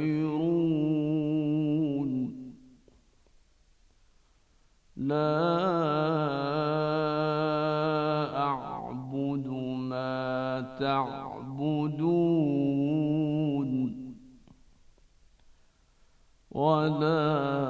الكافرون لا أعبد ما تعبدون ولا أعبد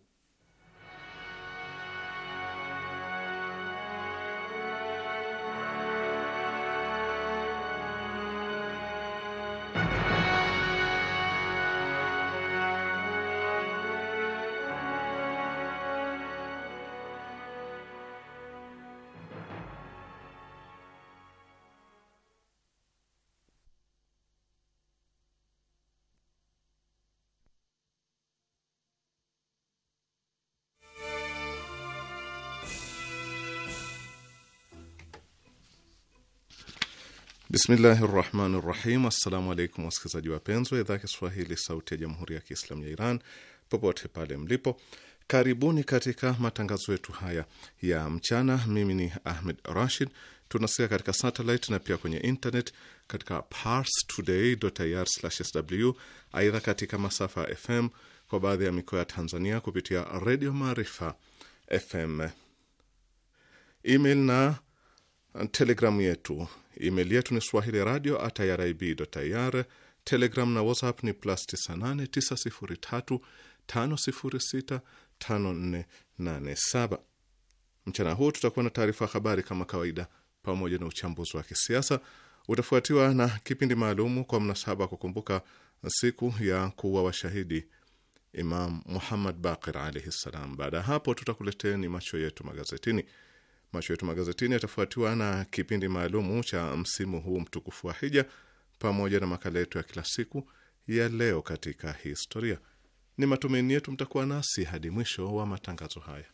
Bismillahi rahmani rahim. Assalamu alaikum wasikilizaji wapenzi wa idhaa ya Kiswahili sauti ya jamhuri ya kiislamu ya Iran popote pale mlipo, karibuni katika matangazo yetu haya ya mchana. Mimi ni Ahmed Rashid. Tunasikia katika satellite na pia kwenye internet katika parstoday.ir/sw. Aidha, katika masafa ya FM kwa baadhi ya mikoa ya Tanzania kupitia redio Maarifa FM. Email na Telegramu yetu, email yetu ni swahili radio at irib ir. Telegram na WhatsApp ni plus 989035065487. Mchana huu tutakuwa na taarifa habari kama kawaida, pamoja na uchambuzi wa kisiasa utafuatiwa na kipindi maalumu kwa mnasaba kukumbuka siku ya kuwa washahidi Imam Muhammad Baqir alaihi ssalam. Baada ya hapo, tutakuleteni macho yetu magazetini. Macho yetu magazetini yatafuatiwa na kipindi maalumu cha msimu huu mtukufu wa hija pamoja na makala yetu ya kila siku ya leo katika historia. Ni matumaini yetu mtakuwa nasi hadi mwisho wa matangazo haya.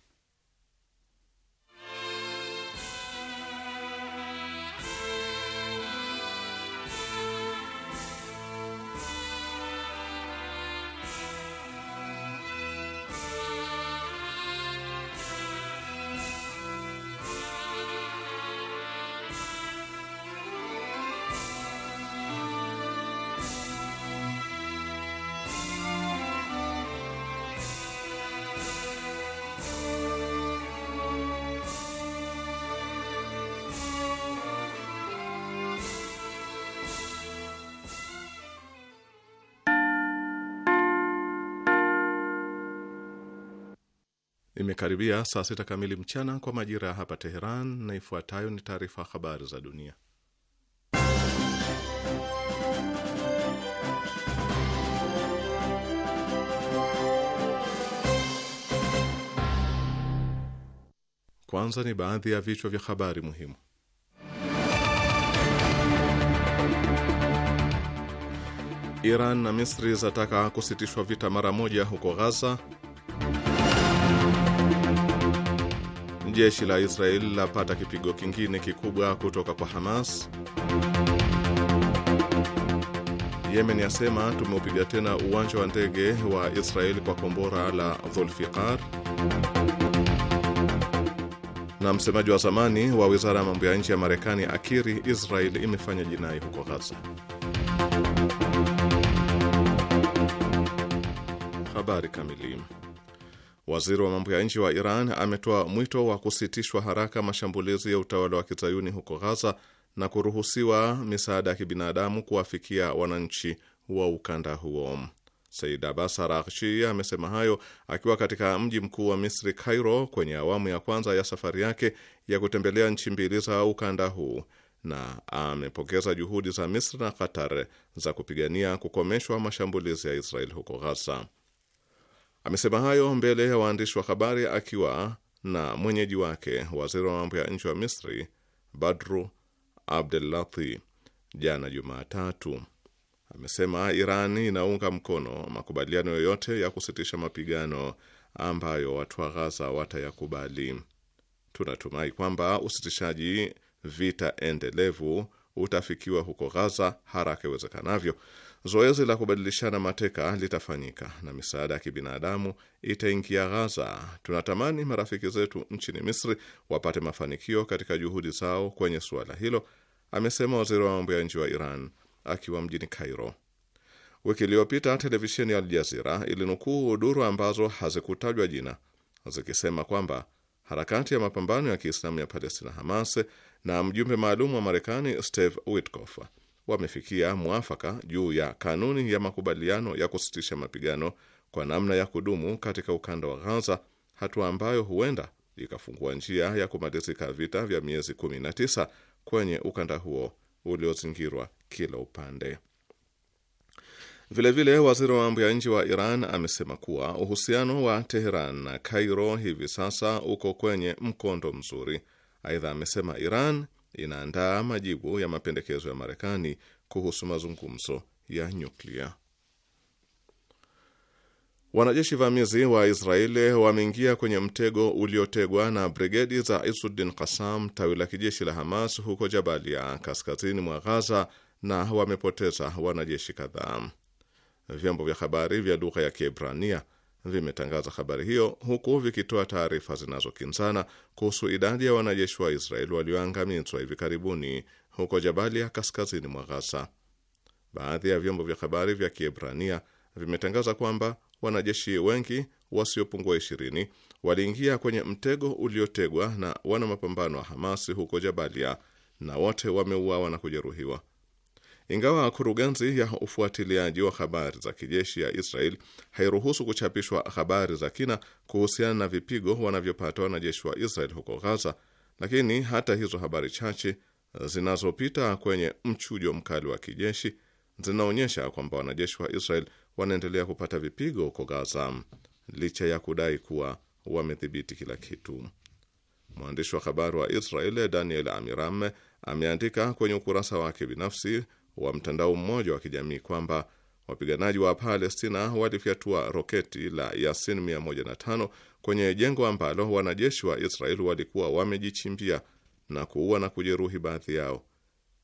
Imekaribia saa sita kamili mchana kwa majira ya hapa Teheran, na ifuatayo ni taarifa habari za dunia. Kwanza ni baadhi ya vichwa vya habari muhimu. Iran na Misri zataka kusitishwa vita mara moja huko ghaza Jeshi la Israeli lapata kipigo kingine kikubwa kutoka kwa Hamas. Yemen yasema tumeupiga tena uwanja wa ndege wa Israeli kwa kombora la Dhulfiqar. Na msemaji wa zamani wa wizara ya mambo ya nje ya Marekani akiri Israeli imefanya jinai huko Gaza. Habari kamili Waziri wa mambo ya nje wa Iran ametoa mwito wa kusitishwa haraka mashambulizi ya utawala wa kizayuni huko Ghaza na kuruhusiwa misaada ya kibinadamu kuwafikia wananchi wa ukanda huo. Said Abbas Araghchi amesema hayo akiwa katika mji mkuu wa Misri, Cairo, kwenye awamu ya kwanza ya safari yake ya kutembelea nchi mbili za ukanda huu na amepongeza juhudi za Misri na Qatar za kupigania kukomeshwa mashambulizi ya Israel huko Ghaza. Amesema hayo mbele ya waandishi wa habari akiwa na mwenyeji wake waziri wa mambo ya nje wa Misri Badru Abdelathi jana Jumatatu. Amesema Iran inaunga mkono makubaliano yoyote ya kusitisha mapigano ambayo watu wa Ghaza watayakubali. Tunatumai kwamba usitishaji vita endelevu utafikiwa huko Ghaza haraka iwezekanavyo. Zoezi la kubadilishana mateka litafanyika na misaada ya kibinadamu itaingia Ghaza. Tunatamani marafiki zetu nchini Misri wapate mafanikio katika juhudi zao kwenye suala hilo, amesema waziri wa mambo ya nje wa Iran akiwa mjini Cairo. Wiki iliyopita televisheni ya Aljazira ilinukuu duru ambazo hazikutajwa jina zikisema kwamba harakati ya mapambano ya Kiislamu ya Palestina Hamas na mjumbe maalum wa Marekani Steve Witkoff wamefikia mwafaka juu ya kanuni ya makubaliano ya kusitisha mapigano kwa namna ya kudumu katika ukanda wa Gaza, hatua ambayo huenda ikafungua njia ya kumalizika vita vya miezi 19 kwenye ukanda huo uliozingirwa kila upande. Vilevile vile, waziri wa mambo ya nje wa Iran amesema kuwa uhusiano wa Teheran na Kairo hivi sasa uko kwenye mkondo mzuri. Aidha amesema Iran inaandaa majibu ya mapendekezo ya Marekani kuhusu mazungumzo ya nyuklia. Wanajeshi vamizi wa Israeli wameingia kwenye mtego uliotegwa na brigedi za Isuddin Kasam, tawi la kijeshi la Hamas, huko Jabalia, kaskazini mwa Ghaza, na wamepoteza wanajeshi kadhaa vyombo vya habari vya lugha ya Kiebrania vimetangaza habari hiyo huku vikitoa taarifa zinazokinzana kuhusu idadi ya wanajeshi wa Israeli walioangamizwa hivi karibuni huko Jabalia, kaskazini mwa Ghaza. Baadhi ya vyombo vya habari vya Kiebrania vimetangaza kwamba wanajeshi wengi wasiopungua ishirini waliingia kwenye mtego uliotegwa na wana mapambano wa Hamasi huko Jabalia na wote wameuawa na kujeruhiwa. Ingawa kurugenzi ya ufuatiliaji wa habari za kijeshi ya Israel hairuhusu kuchapishwa habari za kina kuhusiana na vipigo wanavyopata wanajeshi wa Israel huko Gaza, lakini hata hizo habari chache zinazopita kwenye mchujo mkali wa kijeshi zinaonyesha kwamba wanajeshi wa Israel wanaendelea kupata vipigo huko Gaza licha ya kudai kuwa wamedhibiti kila kitu. Mwandishi wa habari wa Israel Daniel Amiram ameandika kwenye ukurasa wake binafsi wa mtandao mmoja wa kijamii kwamba wapiganaji wa Palestina walifyatua roketi la Yasin 105 kwenye jengo ambalo wanajeshi wa Israeli walikuwa wamejichimbia na kuua na kujeruhi baadhi yao,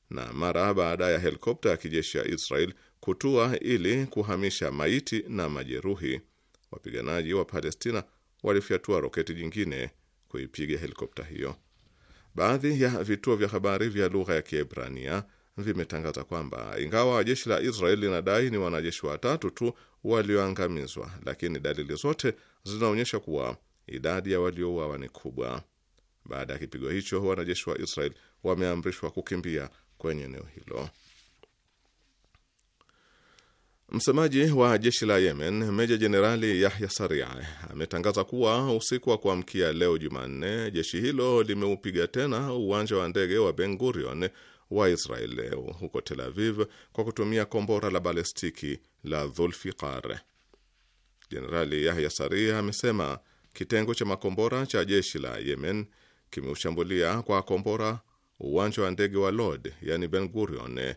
na mara baada ya helikopta ya kijeshi ya israel kutua ili kuhamisha maiti na majeruhi, wapiganaji wa Palestina walifyatua roketi jingine kuipiga helikopta hiyo. Baadhi ya vituo vya habari vya lugha ya Kiebrania vimetangaza kwamba ingawa jeshi la Israel linadai ni wanajeshi watatu tu walioangamizwa, lakini dalili zote zinaonyesha kuwa idadi ya waliouawa ni kubwa. Baada ya kipigo hicho, wanajeshi wa Israel wameamrishwa kukimbia kwenye eneo hilo. Msemaji wa jeshi la Yemen, meja jenerali Yahya Saria, ametangaza kuwa usiku wa kuamkia leo Jumanne, jeshi hilo limeupiga tena uwanja wa ndege wa Ben Gurion wa Israel leo huko Tel Aviv kwa kutumia kombora la balestiki la Dhulfiqar. Jenerali Yahya Saria amesema kitengo cha makombora cha jeshi la Yemen kimeushambulia kwa kombora uwanja wa ndege wa Lod, yani Ben Gurion,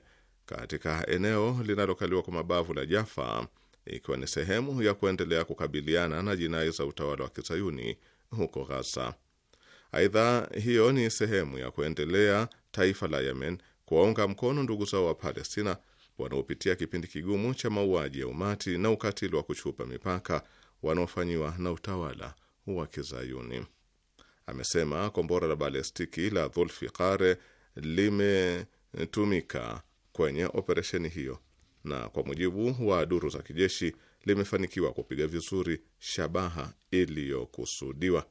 katika eneo linalokaliwa kwa mabavu la Jaffa, ikiwa ni sehemu ya kuendelea kukabiliana na jinai za utawala wa kisayuni huko Ghaza. Aidha, hiyo ni sehemu ya kuendelea taifa la Yemen kuwaunga mkono ndugu zao wa Palestina wanaopitia kipindi kigumu cha mauaji ya umati na ukatili wa kuchupa mipaka wanaofanyiwa na utawala wa Kizayuni. Amesema kombora la balestiki la dhulfikare limetumika kwenye operesheni hiyo na kwa mujibu wa duru za kijeshi limefanikiwa kupiga vizuri shabaha iliyokusudiwa.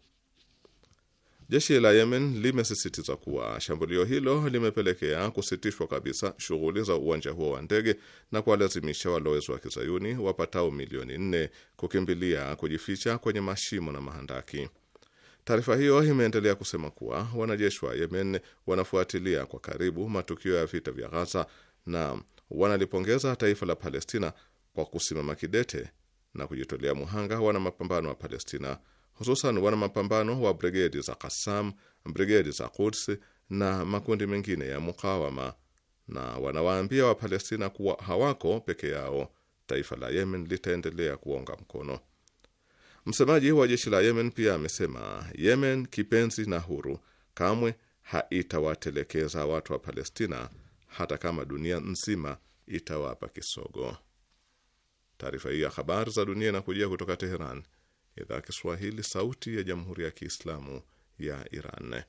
Jeshi la Yemen limesisitiza kuwa shambulio hilo limepelekea kusitishwa kabisa shughuli za uwanja huo wa ndege na kuwalazimisha walowezi wa kizayuni wapatao milioni nne kukimbilia kujificha kwenye mashimo na mahandaki. Taarifa hiyo imeendelea kusema kuwa wanajeshi wa Yemen wanafuatilia kwa karibu matukio ya vita vya Ghaza na wanalipongeza taifa la Palestina kwa kusimama kidete na kujitolea muhanga wana mapambano wa Palestina hususan wana mapambano wa brigedi za kasam brigedi za Quds na makundi mengine ya mukawama, na wanawaambia Wapalestina kuwa hawako peke yao, taifa la Yemen litaendelea kuwaunga mkono. Msemaji wa jeshi la Yemen pia amesema Yemen kipenzi na huru kamwe haitawatelekeza watu wa Palestina hata kama dunia nzima itawapa kisogo. Taarifa hii ya habari za dunia inakujia kutoka Teheran, idhaa Kiswahili sauti ya jamhuri ya Kiislamu ya Iran.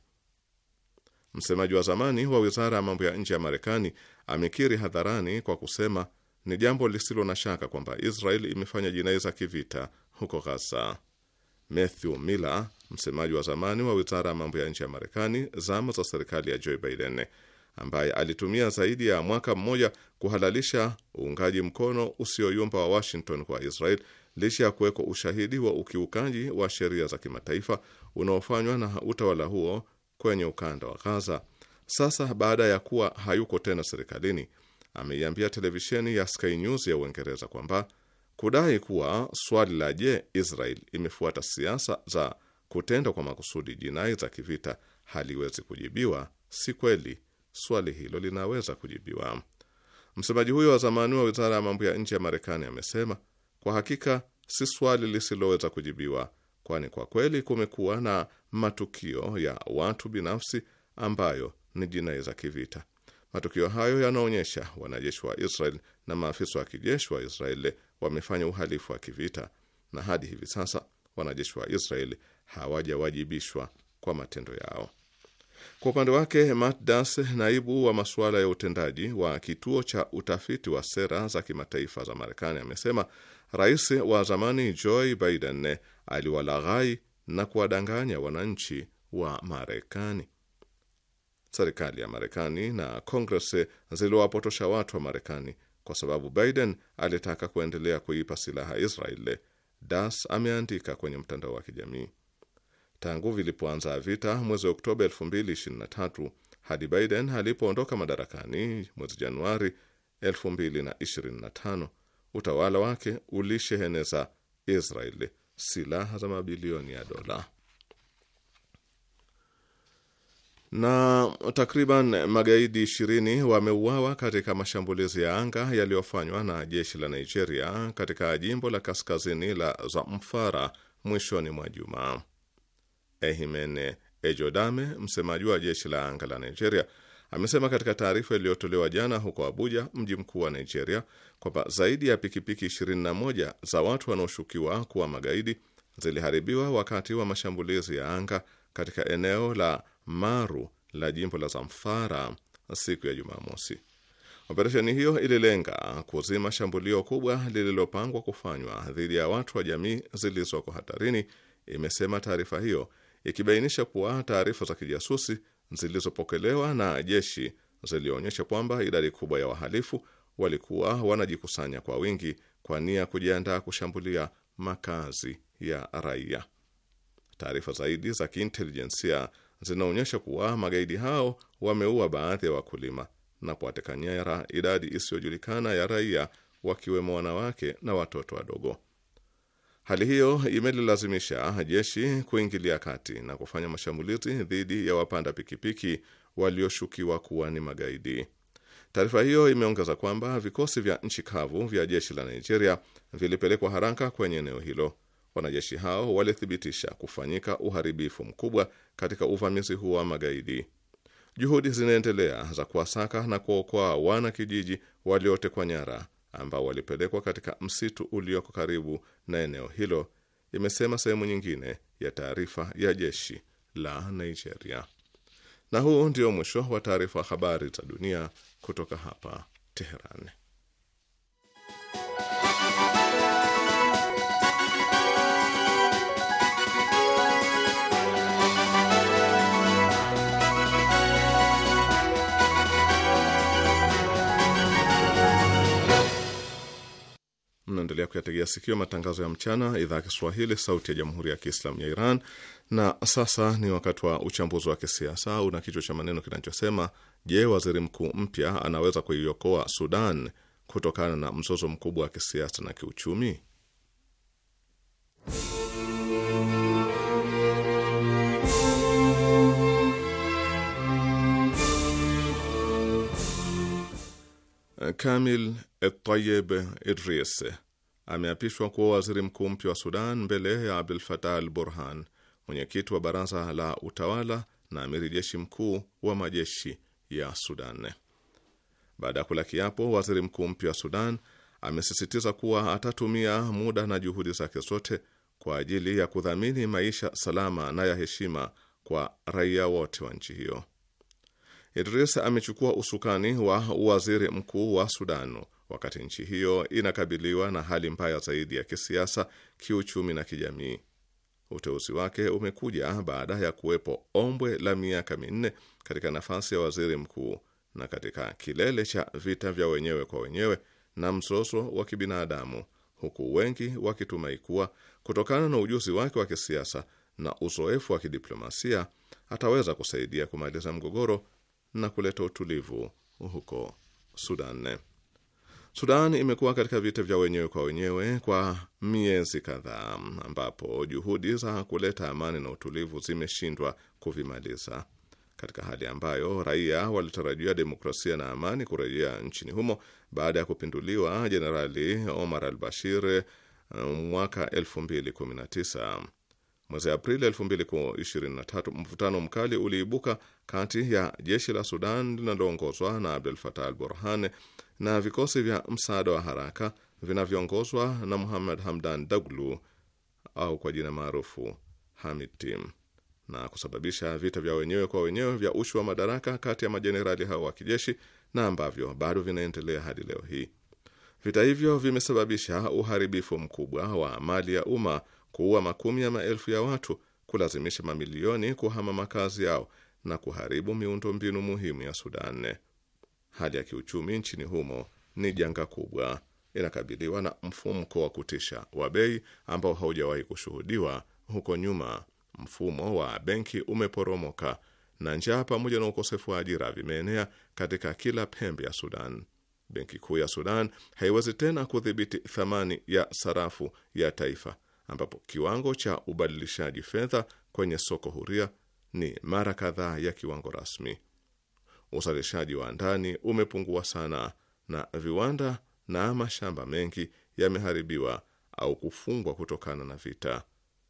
Msemaji wa zamani wa wizara ya mambo ya nje ya Marekani amekiri hadharani kwa kusema ni jambo lisilo na shaka kwamba Israel imefanya jinai za kivita huko Ghaza. Matthew Miller, msemaji wa zamani wa wizara ya mambo ya nje ya Marekani zama za serikali ya Joe Biden, ambaye alitumia zaidi ya mwaka mmoja kuhalalisha uungaji mkono usioyumba wa Washington kwa Israel licha ya kuwekwa ushahidi wa ukiukaji wa sheria za kimataifa unaofanywa na utawala huo kwenye ukanda wa Gaza. Sasa baada ya kuwa hayuko tena serikalini, ameiambia televisheni ya Sky News ya Uingereza kwamba kudai kuwa swali la je, Israel imefuata siasa za kutenda kwa makusudi jinai za kivita haliwezi kujibiwa si kweli. Swali hilo linaweza kujibiwa. Msemaji huyo wa zamani wa wizara ya mambo ya nje ya Marekani amesema kwa hakika si swali lisiloweza kujibiwa, kwani kwa kweli kumekuwa na matukio ya watu binafsi ambayo ni jinai za kivita. Matukio hayo yanaonyesha wanajeshi wa Israel na maafisa wa kijeshi wa Israel wamefanya uhalifu wa kivita, na hadi hivi sasa wanajeshi wa Israel hawajawajibishwa kwa matendo yao. Kwa upande wake Matt Das, naibu wa masuala ya utendaji wa kituo cha utafiti wa sera za kimataifa za Marekani, amesema Rais wa zamani Joe Biden aliwalaghai na kuwadanganya wananchi wa Marekani. Serikali ya Marekani na Kongres ziliwapotosha watu wa Marekani kwa sababu Biden alitaka kuendelea kuipa silaha Israeli, Das ameandika kwenye mtandao wa kijamii. Tangu vilipoanza vita mwezi Oktoba 2023 hadi Biden alipoondoka madarakani mwezi Januari 2025 utawala wake ulisheheneza Israeli silaha za mabilioni ya dola. Na takriban magaidi ishirini wameuawa katika mashambulizi ya anga yaliyofanywa na jeshi la Nigeria katika jimbo la kaskazini la Zamfara mwishoni mwa jumaa. Ehimene Ejodame, msemaji wa jeshi la anga la Nigeria amesema katika taarifa iliyotolewa jana huko Abuja, mji mkuu wa Nigeria, kwamba zaidi ya pikipiki 21 za watu wanaoshukiwa kuwa magaidi ziliharibiwa wakati wa mashambulizi ya anga katika eneo la Maru la jimbo la Zamfara siku ya Jumamosi. Operesheni hiyo ililenga kuzima shambulio kubwa lililopangwa kufanywa dhidi ya watu wa jamii zilizoko hatarini, imesema taarifa hiyo, ikibainisha kuwa taarifa za kijasusi zilizopokelewa na jeshi zilionyesha kwamba idadi kubwa ya wahalifu walikuwa wanajikusanya kwa wingi kwa nia ya kujiandaa kushambulia makazi ya raia. Taarifa zaidi za kiintelijensia zinaonyesha kuwa magaidi hao wameua baadhi ya wakulima na kuwateka nyara idadi isiyojulikana ya raia, wakiwemo wanawake na watoto wadogo. Hali hiyo imelilazimisha jeshi kuingilia kati na kufanya mashambulizi dhidi ya wapanda pikipiki walioshukiwa kuwa ni magaidi. Taarifa hiyo imeongeza kwamba vikosi vya nchi kavu vya jeshi la Nigeria vilipelekwa haraka kwenye eneo hilo. Wanajeshi hao walithibitisha kufanyika uharibifu mkubwa katika uvamizi huo wa magaidi. Juhudi zinaendelea za kuwasaka na kuokoa wana kijiji waliotekwa nyara ambao walipelekwa katika msitu ulioko karibu na eneo hilo, imesema sehemu nyingine ya taarifa ya jeshi la Nigeria. Na huu ndio mwisho wa taarifa habari za dunia kutoka hapa Teheran. Mnaendelea kuyategea sikio matangazo ya mchana, idhaa ya Kiswahili, sauti ya jamhuri ya kiislamu ya Iran. Na sasa ni wakati wa uchambuzi wa kisiasa una kichwa cha maneno kinachosema: Je, waziri mkuu mpya anaweza kuiokoa Sudan kutokana na mzozo mkubwa wa kisiasa na kiuchumi? Kamil etayeb Idris ameapishwa kuwa waziri mkuu mpya wa Sudan mbele ya Abdul Fatah al Burhan, mwenyekiti wa baraza la utawala na amiri jeshi mkuu wa majeshi ya Sudan. Baada ya kula kiapo, waziri mkuu mpya wa Sudan amesisitiza kuwa atatumia muda na juhudi zake zote kwa ajili ya kudhamini maisha salama na ya heshima kwa raia wote wa nchi hiyo. Idris amechukua usukani wa waziri mkuu wa Sudan wakati nchi hiyo inakabiliwa na hali mbaya zaidi ya kisiasa, kiuchumi na kijamii. Uteuzi wake umekuja baada ya kuwepo ombwe la miaka minne katika nafasi ya waziri mkuu na katika kilele cha vita vya wenyewe kwa wenyewe na mzozo wa kibinadamu, huku wengi wakitumai kuwa kutokana na ujuzi wake wa kisiasa na uzoefu wa kidiplomasia ataweza kusaidia kumaliza mgogoro na kuleta utulivu huko Sudan. Sudan imekuwa katika vita vya wenyewe kwa wenyewe kwa miezi kadhaa, ambapo juhudi za kuleta amani na utulivu zimeshindwa kuvimaliza, katika hali ambayo raia walitarajia demokrasia na amani kurejea nchini humo baada ya kupinduliwa Jenerali Omar al Bashir mwaka 2019. Mwezi Aprili 2023 mvutano mkali uliibuka kati ya jeshi la Sudan linaloongozwa na Abdel Fattah al Burhan na vikosi vya msaada wa haraka vinavyoongozwa na Muhammad Hamdan Daglu au kwa jina maarufu Hamitim na kusababisha vita vya wenyewe kwa wenyewe vya ushi wa madaraka kati ya majenerali hao wa kijeshi na ambavyo bado vinaendelea hadi leo hii. Vita hivyo vimesababisha uharibifu mkubwa wa mali ya umma kuua makumi ya maelfu ya watu, kulazimisha mamilioni kuhama makazi yao na kuharibu miundo mbinu muhimu ya Sudan. Hali ya kiuchumi nchini humo ni janga kubwa, inakabiliwa na mfumko wa kutisha wa bei ambao haujawahi kushuhudiwa huko nyuma. Mfumo wa benki umeporomoka na njaa pamoja na ukosefu wa ajira vimeenea katika kila pembe ya Sudan. Benki kuu ya Sudan haiwezi tena kudhibiti thamani ya sarafu ya taifa ambapo kiwango cha ubadilishaji fedha kwenye soko huria ni mara kadhaa ya kiwango rasmi. Uzalishaji wa ndani umepungua sana na viwanda na mashamba mengi yameharibiwa au kufungwa kutokana na vita.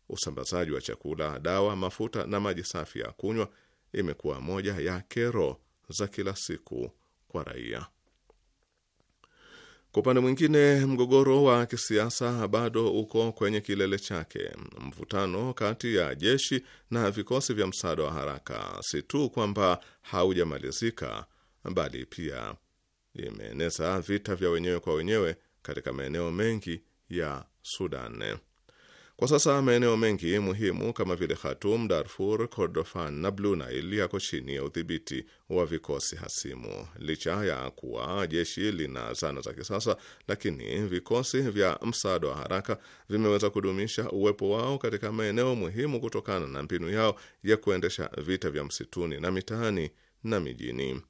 Usambazaji wa chakula, dawa, mafuta na maji safi ya kunywa imekuwa moja ya kero za kila siku kwa raia. Kwa upande mwingine, mgogoro wa kisiasa bado uko kwenye kilele chake. Mvutano kati ya jeshi na vikosi vya msaada wa haraka si tu kwamba haujamalizika, bali pia imeeneza vita vya wenyewe kwa wenyewe katika maeneo mengi ya Sudan. Kwa sasa maeneo mengi muhimu kama vile Khartoum, Darfur, Kordofan na Blue Nile yako chini ya udhibiti wa vikosi hasimu. Licha ya kuwa jeshi lina zana za kisasa, lakini vikosi vya msaada wa haraka vimeweza kudumisha uwepo wao katika maeneo muhimu kutokana na mbinu yao ya kuendesha vita vya msituni na mitaani na mijini.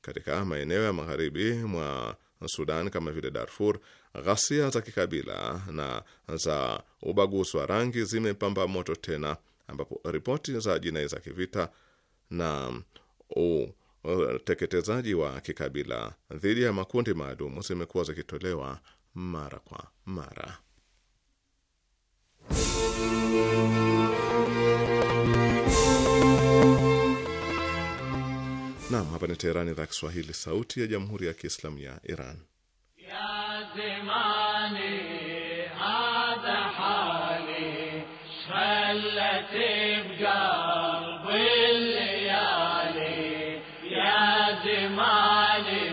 Katika maeneo ya magharibi mwa Sudan kama vile Darfur Ghasia za kikabila na za ubaguzi wa rangi zimepamba moto tena, ambapo ripoti za jinai za kivita na uteketezaji wa kikabila dhidi ya makundi maalum zimekuwa zikitolewa mara kwa mara. Naam, hapa ni Teherani, idhaa Kiswahili, sauti ya jamhuri ya kiislamu ya Iran Yeah. زماني هذا حالي خلت بقلبي الليالي يا زماني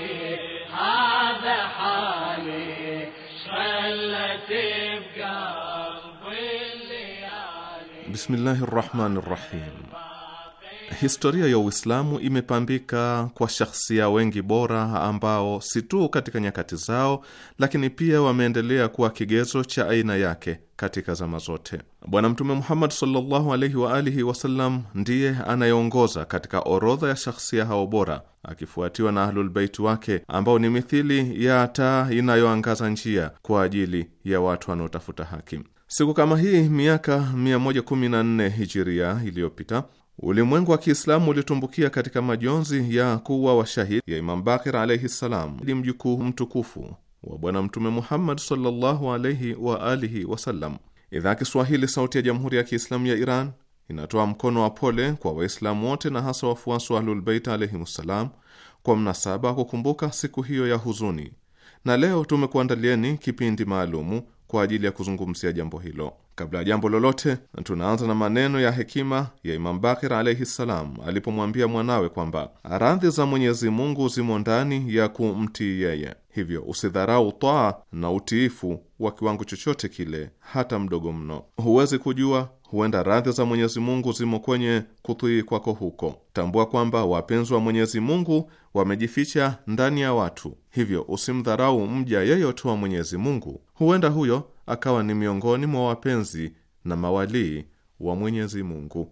هذا حالي خلت بقلبي الليالي بسم الله الرحمن الرحيم Historia ya Uislamu imepambika kwa shahsia wengi bora ambao si tu katika nyakati zao, lakini pia wameendelea kuwa kigezo cha aina yake katika zama zote. Bwana Mtume Muhammad sallallahu alaihi wa alihi wasallam ndiye anayeongoza katika orodha ya shahsia hao bora, akifuatiwa na Ahlulbeiti wake ambao ni mithili ya taa inayoangaza njia kwa ajili ya watu wanaotafuta haki. Siku kama hii miaka 114 hijiria iliyopita Ulimwengu wa Kiislamu ulitumbukia katika majonzi ya kuwa washahidi ya Imam Bakir alaihi ssalam, mjukuu mtukufu wa Bwana Mtume Muhammad sallallahu alaihi wa alihi wasallam. Idhaa Kiswahili sauti ya Jamhuri ya Kiislamu ya Iran inatoa mkono wa pole kwa Waislamu wote na hasa wafuasi wa Ahlulbeit alaihim ssalam kwa mnasaba wa kukumbuka siku hiyo ya huzuni, na leo tumekuandalieni kipindi maalumu kwa ajili ya kuzungumzia jambo hilo. Kabla ya jambo lolote, tunaanza na maneno ya hekima ya Imam Bakir alaihi ssalam alipomwambia mwanawe kwamba radhi za Mwenyezi Mungu zimo ndani ya kumtii yeye, hivyo usidharau twaa na utiifu wa kiwango chochote kile, hata mdogo mno. Huwezi kujua, huenda radhi za Mwenyezi Mungu zimo kwenye kutii kwako huko. Tambua kwamba wapenzi wa Mwenyezi Mungu wamejificha ndani ya watu, hivyo usimdharau mja yeyote wa Mwenyezi Mungu. Huenda huyo akawa ni miongoni mwa wapenzi na mawalii wa Mwenyezi Mungu.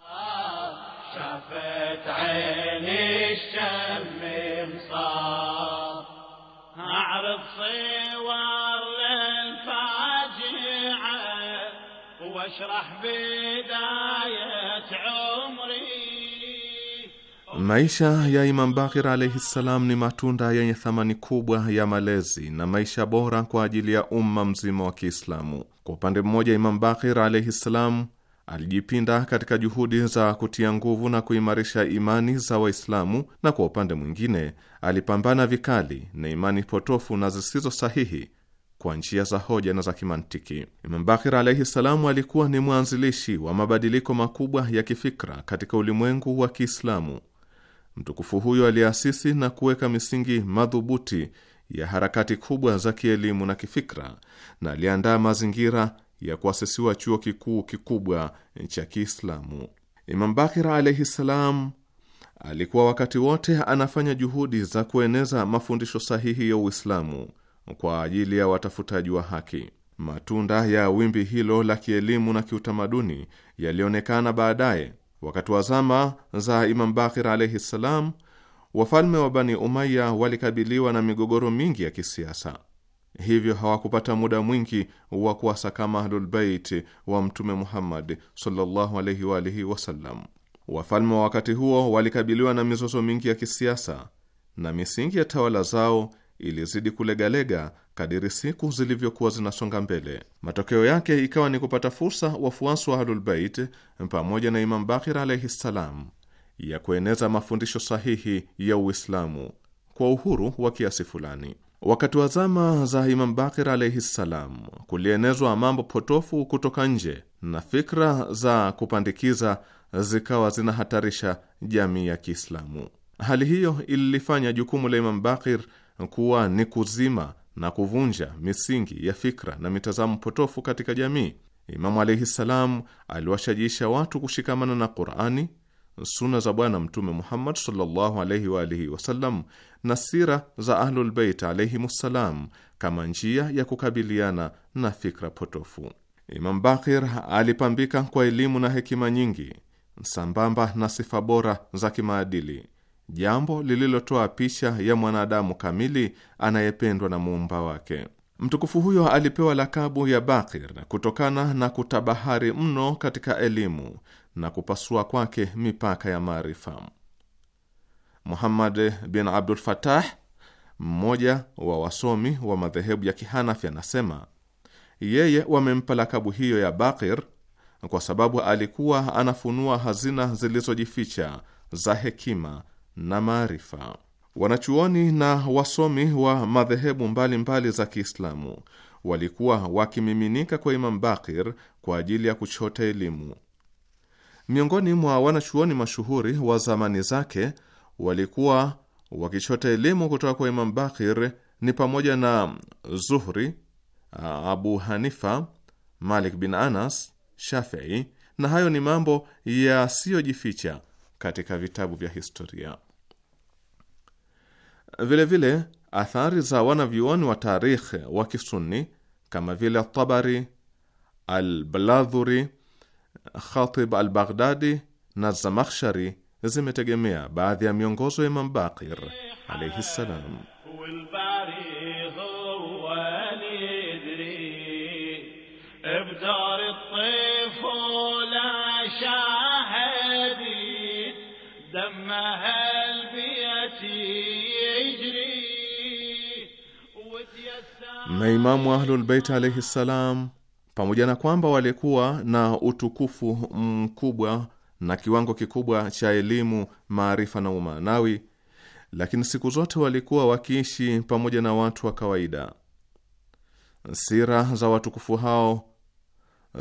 Maisha ya Imam Bakir alaihi ssalam ni matunda yenye thamani kubwa ya malezi na maisha bora kwa ajili ya umma mzima wa Kiislamu. Kwa upande mmoja, Imam Bakir alaihi ssalam alijipinda katika juhudi za kutia nguvu na kuimarisha imani za Waislamu, na kwa upande mwingine alipambana vikali na imani potofu na zisizo sahihi kwa njia za hoja na za kimantiki. Imam Bakir alaihi ssalamu alikuwa ni mwanzilishi wa mabadiliko makubwa ya kifikra katika ulimwengu wa Kiislamu Mtukufu huyo aliasisi na kuweka misingi madhubuti ya harakati kubwa za kielimu na kifikra na aliandaa mazingira ya kuasisiwa chuo kikuu kikubwa cha Kiislamu. Imam Bakir alaihi ssalam alikuwa wakati wote anafanya juhudi za kueneza mafundisho sahihi ya Uislamu kwa ajili ya watafutaji wa haki. Matunda ya wimbi hilo la kielimu na kiutamaduni yalionekana baadaye Wakati wa zama za Imam Bakir alaihi ssalam, wafalme wa Bani Umaya walikabiliwa na migogoro mingi ya kisiasa, hivyo hawakupata muda mwingi wa kuwasakama Ahlulbeit wa Mtume Muhammad sallallahu alaihi wa alihi wasallam. Wafalme wa wakati huo walikabiliwa na mizozo mingi ya kisiasa na misingi ya tawala zao ilizidi kulegalega kadiri siku zilivyokuwa zinasonga mbele. Matokeo yake ikawa ni kupata fursa wafuasi wa Ahlulbeit pamoja na Imam Bakir alaihi ssalam ya kueneza mafundisho sahihi ya Uislamu kwa uhuru wa kiasi fulani. Wakati wa zama za Imam Bakir alaihi ssalam, kulienezwa mambo potofu kutoka nje na fikra za kupandikiza zikawa zinahatarisha jamii ya Kiislamu. Hali hiyo ililifanya jukumu la Imam Bakir kuwa ni kuzima na kuvunja misingi ya fikra na mitazamo potofu katika jamii. Imamu alaihi salam aliwashajiisha watu kushikamana na Qurani, suna za Bwana Mtume Muhammad sallallahu alaihi wa alihi wasallam na sira za Ahlulbeit alaihimu ssalam kama njia ya kukabiliana na fikra potofu. Imam Bakir alipambika kwa elimu na hekima nyingi sambamba na sifa bora za kimaadili jambo lililotoa picha ya mwanadamu kamili anayependwa na muumba wake. Mtukufu huyo alipewa lakabu ya Bakir kutokana na kutabahari mno katika elimu na kupasua kwake mipaka ya maarifa. Muhammad bin Abdul Fatah, mmoja wa wasomi wa madhehebu ya Kihanafi, anasema yeye wamempa lakabu hiyo ya Bakir kwa sababu alikuwa anafunua hazina zilizojificha za hekima na maarifa. Wanachuoni na wasomi wa madhehebu mbalimbali za Kiislamu walikuwa wakimiminika kwa Imam Bakir kwa ajili ya kuchota elimu. Miongoni mwa wanachuoni mashuhuri wa zamani zake walikuwa wakichota elimu kutoka kwa Imam Bakir ni pamoja na Zuhri, Abu Hanifa, Malik bin Anas, Shafii, na hayo ni mambo yasiyojificha katika vitabu vya historia. Vilevile vile, athari za wanavyuoni wa tarikh wa Kisunni kama vile Tabari, Albladhuri, Khatib al-Baghdadi na Zamakhshari zimetegemea baadhi ya miongozo ya Imam Baqir alayhi salam. na Imamu Ahlulbeit alaihi ssalam, pamoja na kwamba walikuwa na utukufu mkubwa na kiwango kikubwa cha elimu, maarifa na umaanawi, lakini siku zote walikuwa wakiishi pamoja na watu wa kawaida. Sira za watukufu hao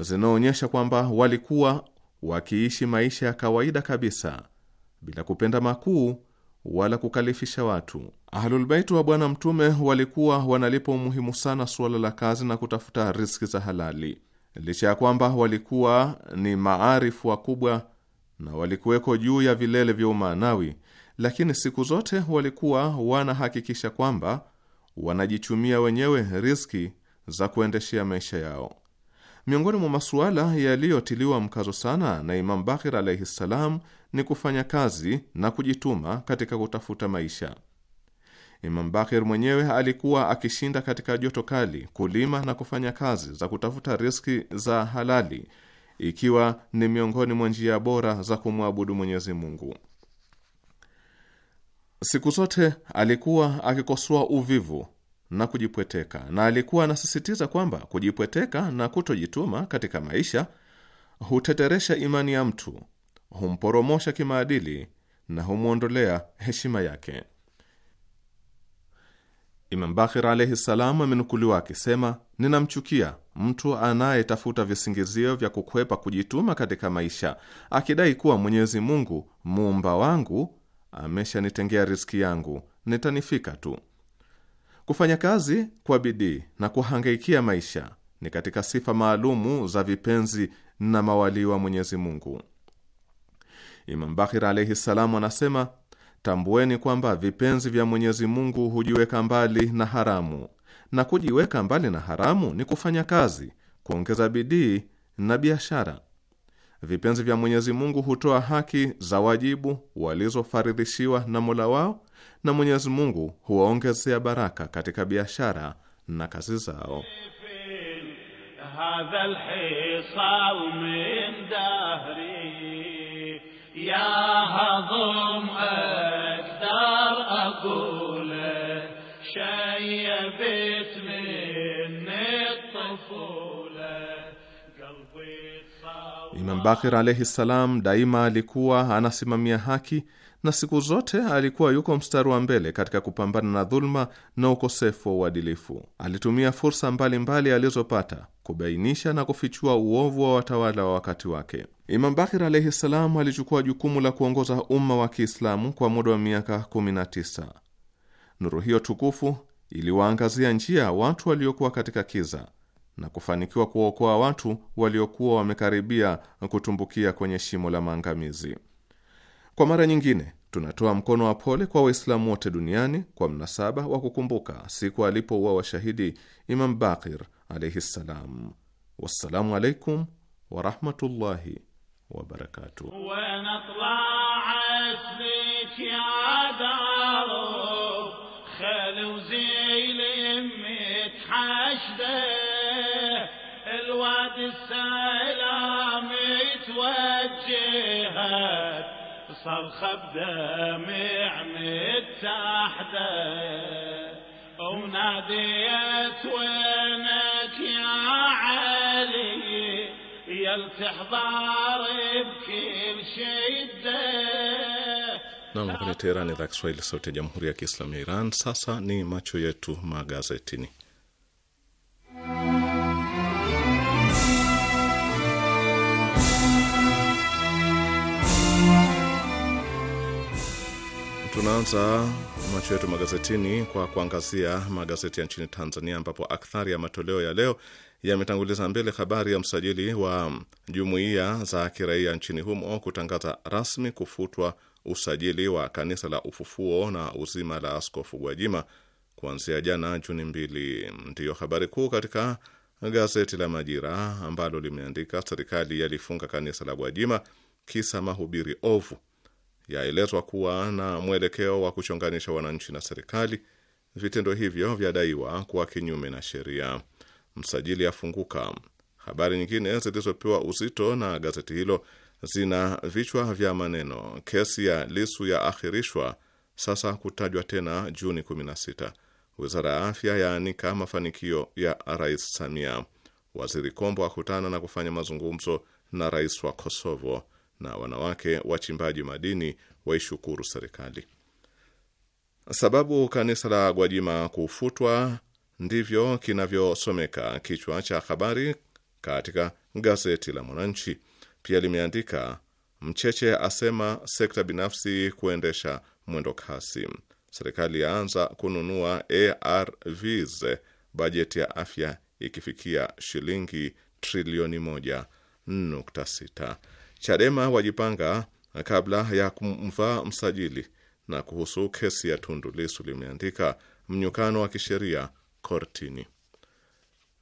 zinaonyesha kwamba walikuwa wakiishi maisha ya kawaida kabisa bila kupenda makuu wala kukalifisha watu. Ahlulbaiti wa Bwana Mtume walikuwa wanalipa umuhimu sana suala la kazi na kutafuta riski za halali, licha ya kwamba walikuwa ni maarifu wakubwa na walikuweko juu ya vilele vya umaanawi, lakini siku zote walikuwa wanahakikisha kwamba wanajichumia wenyewe riski za kuendeshea maisha yao. Miongoni mwa masuala yaliyotiliwa mkazo sana na Imam Bakir alaihi ssalam ni kufanya kazi na kujituma katika kutafuta maisha. Imam Bakir mwenyewe alikuwa akishinda katika joto kali, kulima na kufanya kazi za kutafuta riski za halali, ikiwa ni miongoni mwa njia bora za kumwabudu Mwenyezi Mungu. Siku zote alikuwa akikosoa uvivu na kujipweteka, na alikuwa anasisitiza kwamba kujipweteka na kutojituma katika maisha huteteresha imani ya mtu, humporomosha kimaadili na humwondolea heshima yake. Imam alaihi salamu amenukuliwa akisema, ninamchukia mtu anayetafuta visingizio vya kukwepa kujituma katika maisha, akidai kuwa Mwenyezi Mungu muumba wangu ameshanitengea riziki yangu, nitanifika tu. Kufanya kazi kwa bidii na kuhangaikia maisha ni katika sifa maalumu za vipenzi na mawalii wa Mwenyezi Mungu. Imam Bakir alaihi salamu anasema, tambueni kwamba vipenzi vya Mwenyezi Mungu hujiweka mbali na haramu, na kujiweka mbali na haramu ni kufanya kazi, kuongeza bidii na biashara. Vipenzi vya Mwenyezi Mungu hutoa haki za wajibu walizofaridhishiwa na Mola wao na Mwenyezi Mungu huwaongezea baraka katika biashara na kazi zao. Imam Bakir alaihi salam daima alikuwa anasimamia haki na siku zote alikuwa yuko mstari wa mbele katika kupambana na dhuluma na ukosefu wa uadilifu. Alitumia fursa mbalimbali alizopata kubainisha na kufichua uovu wa watawala wa wakati wake. Imam Bakir alaihi ssalam alichukua jukumu la kuongoza umma wa Kiislamu kwa muda wa miaka 19. Nuru hiyo tukufu iliwaangazia njia watu waliokuwa katika kiza na kufanikiwa kuwaokoa watu waliokuwa wamekaribia kutumbukia kwenye shimo la maangamizi. Kwa mara nyingine tunatoa mkono wa pole kwa Waislamu wote duniani kwa mnasaba wa kukumbuka siku alipouawa washahidi Imam Bakir alaihi ssalam. Wassalamu alaikum warahmatullahi wabarakatuh. صرخة بدمع متحدة وناديت وينك يا علي يلتحضار بكل شدة Nam, hapa ni Teherani, idhaa Kiswahili, sauti ya jamhuri ya kiislamu ya Iran. Sasa ni macho yetu magazetini. Tunaanza macho yetu magazetini kwa kuangazia magazeti ya nchini Tanzania, ambapo akthari ya matoleo ya leo yametanguliza mbele habari ya msajili wa jumuiya za kiraia nchini humo kutangaza rasmi kufutwa usajili wa kanisa la Ufufuo na Uzima la Askofu Gwajima kuanzia jana Juni mbili. Ndiyo habari kuu katika gazeti la Majira ambalo limeandika serikali yalifunga kanisa la Gwajima kisa mahubiri ovu yaelezwa kuwa na mwelekeo wa kuchonganisha wananchi na serikali. Vitendo hivyo vyadaiwa kuwa kinyume na sheria. Msajili afunguka. Habari nyingine zilizopewa uzito na gazeti hilo zina vichwa vya maneno: kesi ya Lisu ya akhirishwa sasa kutajwa tena Juni 16, wizara ya afya yaanika mafanikio ya Rais Samia, waziri Kombo akutana na kufanya mazungumzo na rais wa Kosovo na wanawake wachimbaji madini waishukuru serikali. Sababu kanisa la Gwajima kufutwa, ndivyo kinavyosomeka kichwa cha habari katika gazeti la Mwananchi. Pia limeandika Mcheche asema sekta binafsi kuendesha mwendo kasi, serikali yaanza kununua ARVs, bajeti ya afya ikifikia shilingi trilioni moja nukta sita. Chadema wajipanga kabla ya kumvaa msajili. Na kuhusu kesi ya Tundu lisu limeandika mnyukano wa kisheria kortini.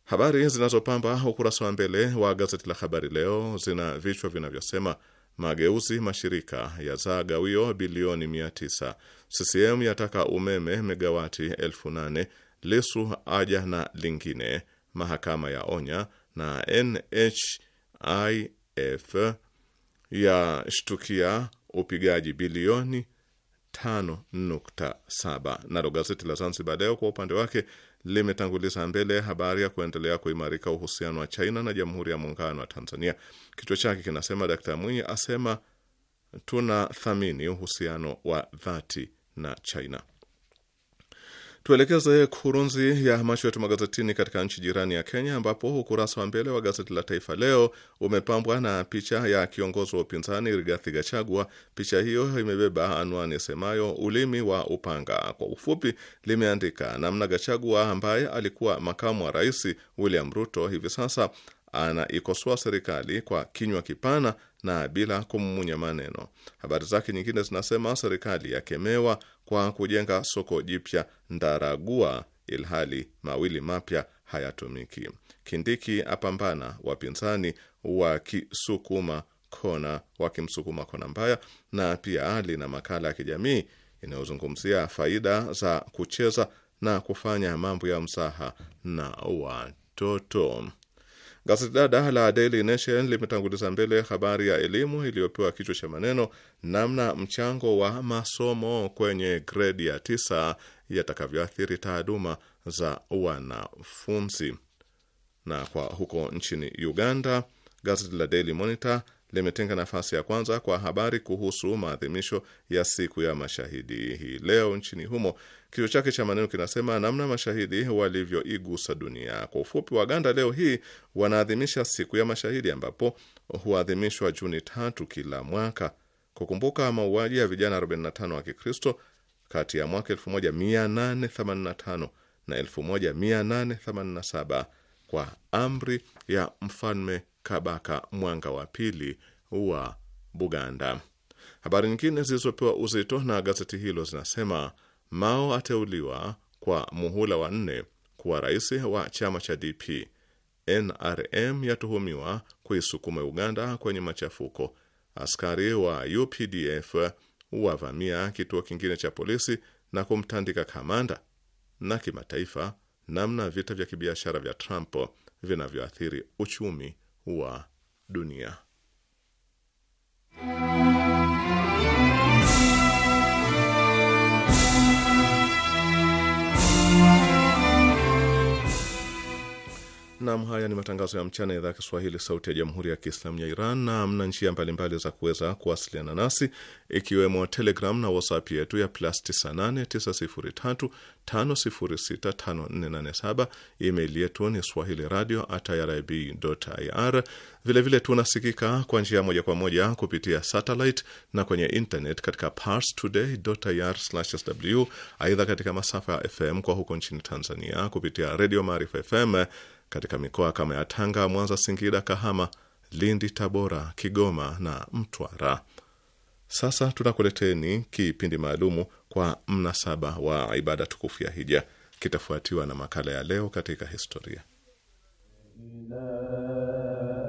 Habari zinazopamba ukurasa wa mbele wa gazeti la Habari Leo zina vichwa vinavyosema mageuzi mashirika yazaa gawio bilioni 900, CCM yataka umeme megawati 8000, lisu aja na lingine, mahakama ya onya, na NHIF ya shtukia upigaji bilioni 5.7. Nalo gazeti la Zanzibar Leo kwa upande wake limetanguliza mbele habari ya kuendelea kuimarika uhusiano wa China na Jamhuri ya Muungano wa Tanzania. Kichwa chake kinasema Dkt. Mwinyi asema tuna thamini uhusiano wa dhati na China. Tuelekeze kurunzi ya macho yetu magazetini katika nchi jirani ya Kenya, ambapo ukurasa wa mbele wa gazeti la Taifa Leo umepambwa na picha ya kiongozi wa upinzani Rigathi Gachagua. Picha hiyo imebeba anwani semayo ulimi wa upanga. Kwa ufupi, limeandika namna Gachagua ambaye alikuwa makamu wa rais William Ruto hivi sasa anaikosoa serikali kwa kinywa kipana na bila kumumunya maneno. Habari zake nyingine zinasema serikali yakemewa kwa kujenga soko jipya Ndaragua, ilhali mawili mapya hayatumiki. Kindiki apambana wapinzani wakisukuma kona wakimsukuma kona mbaya. Na pia lina makala ya kijamii inayozungumzia faida za kucheza na kufanya mambo ya mzaha na watoto. Gazeti dada la Daily Nation limetanguliza mbele habari ya elimu iliyopewa kichwa cha maneno namna mchango wa masomo kwenye gredi ya tisa yatakavyoathiri taaluma za wanafunzi. Na kwa huko nchini Uganda, gazeti la Daily Monitor limetenga nafasi ya kwanza kwa habari kuhusu maadhimisho ya siku ya mashahidi hii leo nchini humo Kichwa chake cha maneno kinasema namna mashahidi walivyoigusa dunia. Kwa ufupi, Waganda leo hii wanaadhimisha siku ya mashahidi, ambapo huadhimishwa Juni tatu kila mwaka kukumbuka mauaji ya vijana 45 wa Kikristo kati ya mwaka 1885 na 1887 kwa amri ya Mfalme Kabaka Mwanga wa Pili wa Buganda. Habari nyingine zilizopewa uzito na gazeti hilo zinasema Mao ateuliwa kwa muhula wa nne kuwa rais wa chama cha DP. NRM yatuhumiwa kuisukuma Uganda kwenye machafuko. Askari wa UPDF wavamia kituo kingine cha polisi na kumtandika kamanda. Na kimataifa, namna vita vya kibiashara vya Trump vinavyoathiri uchumi wa dunia. Nam, haya ni matangazo ya mchana ya idhaa ya Kiswahili, sauti ya jamhuri ya kiislamu ya Iran, na mna njia mbalimbali za kuweza kuwasiliana nasi, ikiwemo Telegram na WhatsApp yetu ya plus 989035065487. Email yetu ni swahili radio at irib ir. Vilevile tunasikika kwa njia moja kwa moja kupitia satellite na kwenye internet katika parstoday sw. Aidha, katika masafa ya FM kwa huko nchini Tanzania kupitia Redio Maarifa FM katika mikoa kama ya Tanga, Mwanza, Singida, Kahama, Lindi, Tabora, Kigoma na Mtwara. Sasa tutakuleteni kipindi maalumu kwa mnasaba wa ibada tukufu ya Hija, kitafuatiwa na makala ya leo katika historia Ila...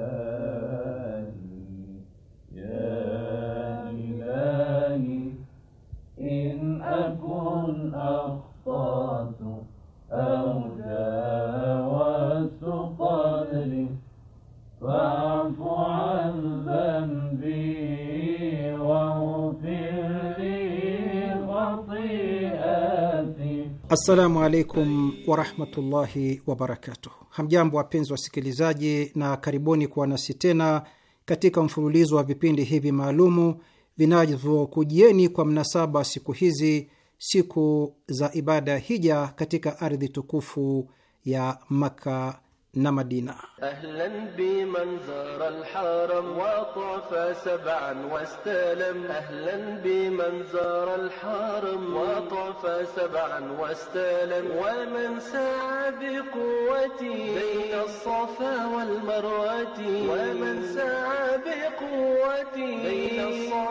Assalamu alaikum warahmatullahi wabarakatuh. Hamjambo wapenzi wasikilizaji, na karibuni kuwa nasi tena katika mfululizo wa vipindi hivi maalumu vinavyokujieni kwa mnasaba siku hizi, siku za ibada ya hija katika ardhi tukufu ya Makka na Madina.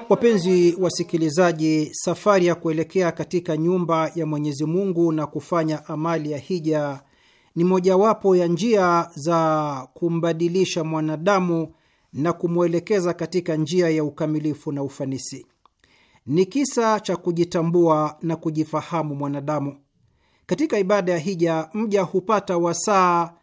Wapenzi wasikilizaji, safari ya kuelekea katika nyumba ya Mwenyezi Mungu na kufanya amali ya hija ni mojawapo ya njia za kumbadilisha mwanadamu na kumwelekeza katika njia ya ukamilifu na ufanisi. Ni kisa cha kujitambua na kujifahamu mwanadamu. Katika ibada ya hija, mja hupata wasaa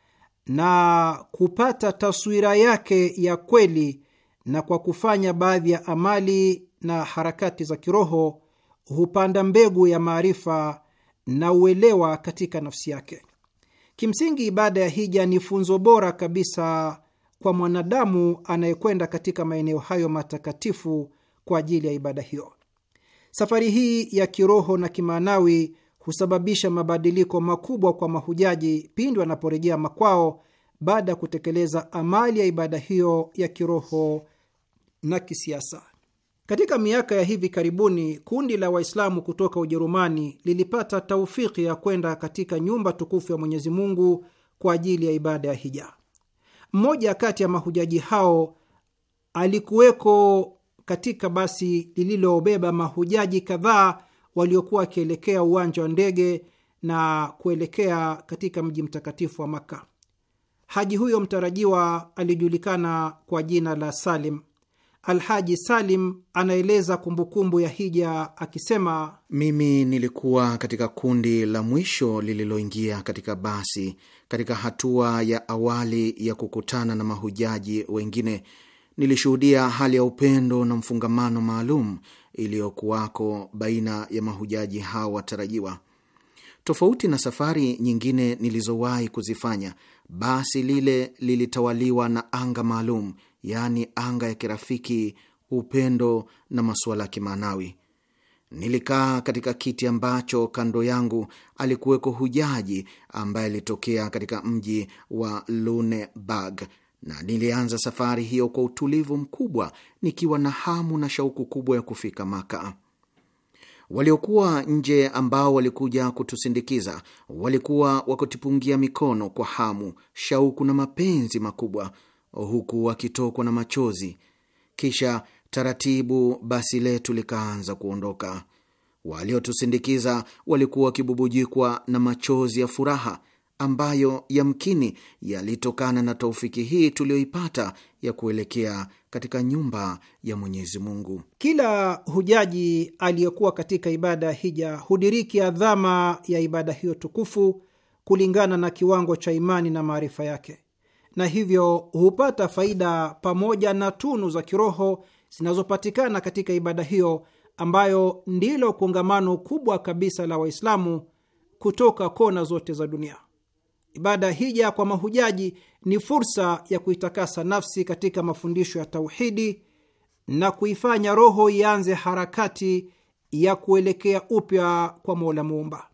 na kupata taswira yake ya kweli, na kwa kufanya baadhi ya amali na harakati za kiroho hupanda mbegu ya maarifa na uelewa katika nafsi yake. Kimsingi, ibada ya hija ni funzo bora kabisa kwa mwanadamu anayekwenda katika maeneo hayo matakatifu kwa ajili ya ibada hiyo. Safari hii ya kiroho na kimaanawi husababisha mabadiliko makubwa kwa mahujaji pindi wanaporejea makwao baada ya kutekeleza amali ya ibada hiyo ya kiroho na kisiasa. Katika miaka ya hivi karibuni kundi la Waislamu kutoka Ujerumani lilipata taufiki ya kwenda katika nyumba tukufu ya Mwenyezi Mungu kwa ajili ya ibada ya hija. Mmoja kati ya mahujaji hao alikuweko katika basi lililobeba mahujaji kadhaa waliokuwa wakielekea uwanja wa ndege na kuelekea katika mji mtakatifu wa Makka. Haji huyo mtarajiwa alijulikana kwa jina la Salim. Alhaji Salim anaeleza kumbukumbu ya hija akisema, mimi nilikuwa katika kundi la mwisho lililoingia katika basi katika hatua ya awali ya kukutana na mahujaji wengine. Nilishuhudia hali ya upendo na mfungamano maalum iliyokuwako baina ya mahujaji hao watarajiwa. Tofauti na safari nyingine nilizowahi kuzifanya, basi lile lilitawaliwa na anga maalum yaani anga ya kirafiki, upendo na masuala ya kimaanawi. Nilikaa katika kiti ambacho kando yangu alikuweko hujaji ambaye alitokea katika mji wa Luneburg, na nilianza safari hiyo kwa utulivu mkubwa, nikiwa na hamu na shauku kubwa ya kufika Maka. Waliokuwa nje ambao walikuja kutusindikiza walikuwa wakutupungia mikono kwa hamu, shauku na mapenzi makubwa huku wakitokwa na machozi. Kisha taratibu basi letu likaanza kuondoka. Waliotusindikiza walikuwa wakibubujikwa na machozi ya furaha ambayo yamkini yalitokana na taufiki hii tuliyoipata ya kuelekea katika nyumba ya Mwenyezi Mungu. Kila hujaji aliyekuwa katika ibada ya hija hudiriki adhama ya ibada hiyo tukufu kulingana na kiwango cha imani na maarifa yake na hivyo hupata faida pamoja na tunu za kiroho zinazopatikana katika ibada hiyo ambayo ndilo kongamano kubwa kabisa la Waislamu kutoka kona zote za dunia. Ibada hija kwa mahujaji ni fursa ya kuitakasa nafsi katika mafundisho ya tauhidi na kuifanya roho ianze harakati ya kuelekea upya kwa Mola Muumba.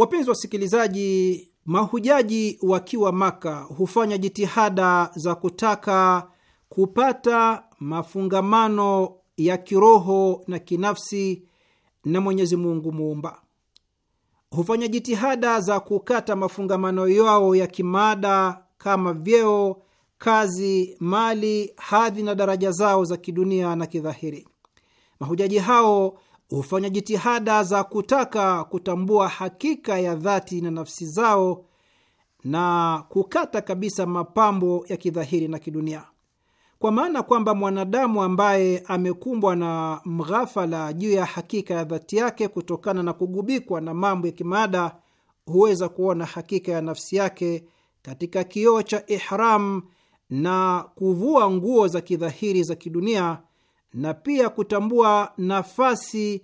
Wapenzi wasikilizaji, mahujaji wakiwa Maka hufanya jitihada za kutaka kupata mafungamano ya kiroho na kinafsi na Mwenyezi Mungu Muumba. Hufanya jitihada za kukata mafungamano yao ya kimaada kama vyeo, kazi, mali, hadhi na daraja zao za kidunia na kidhahiri. Mahujaji hao hufanya jitihada za kutaka kutambua hakika ya dhati na nafsi zao na kukata kabisa mapambo ya kidhahiri na kidunia, kwa maana kwamba mwanadamu ambaye amekumbwa na mghafala juu ya hakika ya dhati yake kutokana na kugubikwa na mambo ya kimaada huweza kuona hakika ya nafsi yake katika kioo cha ihram na kuvua nguo za kidhahiri za kidunia na pia kutambua nafasi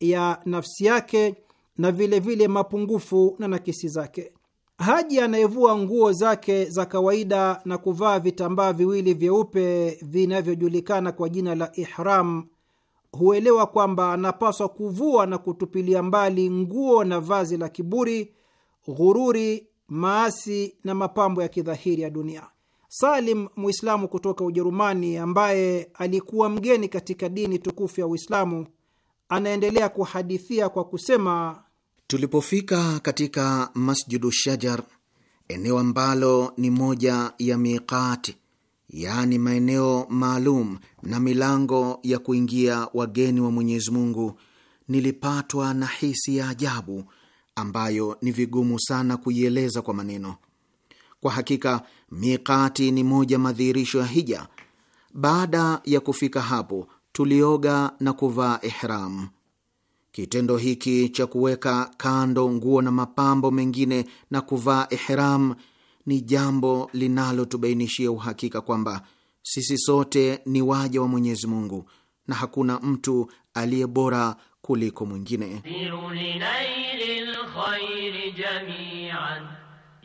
ya nafsi yake na vilevile vile mapungufu na nakisi zake. Haji anayevua nguo zake za kawaida na kuvaa vitambaa viwili vyeupe vinavyojulikana kwa jina la ihram huelewa kwamba anapaswa kuvua na kutupilia mbali nguo na vazi la kiburi, ghururi, maasi na mapambo ya kidhahiri ya dunia. Salim, muislamu kutoka Ujerumani ambaye alikuwa mgeni katika dini tukufu ya Uislamu, anaendelea kuhadithia kwa kusema, tulipofika katika Masjidu Shajar, eneo ambalo ni moja ya miqati, yaani maeneo maalum na milango ya kuingia wageni wa Mwenyezi Mungu, nilipatwa na hisi ya ajabu ambayo ni vigumu sana kuieleza kwa maneno. Kwa hakika Miqati ni moja madhihirisho ya hija. Baada ya kufika hapo, tulioga na kuvaa ihram. Kitendo hiki cha kuweka kando nguo na mapambo mengine na kuvaa ihram ni jambo linalotubainishia uhakika kwamba sisi sote ni waja wa Mwenyezi Mungu na hakuna mtu aliye bora kuliko mwingine.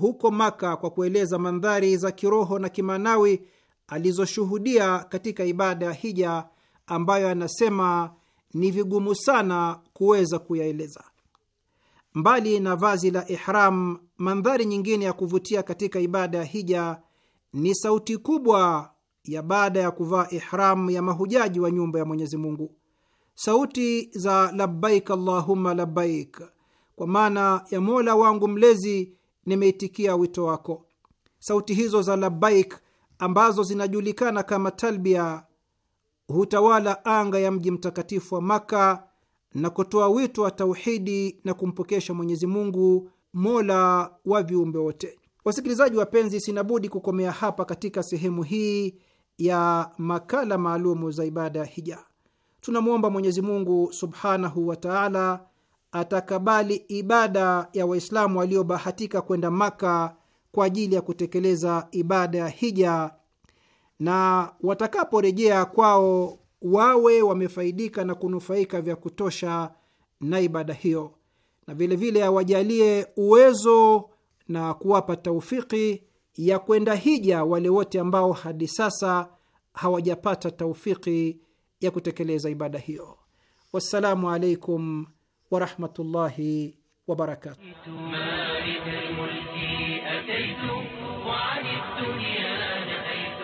huko Maka kwa kueleza mandhari za kiroho na kimanawi alizoshuhudia katika ibada ya hija ambayo anasema ni vigumu sana kuweza kuyaeleza. Mbali na vazi la ihram, mandhari nyingine ya kuvutia katika ibada ya hija ni sauti kubwa ya baada ya kuvaa ihram ya mahujaji wa nyumba ya Mwenyezi Mungu, sauti za labbaik allahumma labbaik, kwa maana ya mola wangu mlezi nimeitikia wito wako. Sauti hizo za labaik ambazo zinajulikana kama talbia hutawala anga ya mji mtakatifu wa Maka na kutoa wito wa tauhidi na kumpokesha Mwenyezi Mungu, mola wa viumbe wote. Wasikilizaji wapenzi, sinabudi kukomea hapa katika sehemu hii ya makala maalumu za ibada ya hija. Tunamwomba Mwenyezi Mungu subhanahu wa taala atakabali ibada ya Waislamu waliobahatika kwenda Maka kwa ajili ya kutekeleza ibada ya hija, na watakaporejea kwao wawe wamefaidika na kunufaika vya kutosha na ibada hiyo, na vilevile awajalie vile uwezo na kuwapa taufiki ya kwenda hija wale wote ambao hadi sasa hawajapata taufiki ya kutekeleza ibada hiyo. Wassalamu alaikum ورحمة الله وبركاته وعن الدنيا نهيت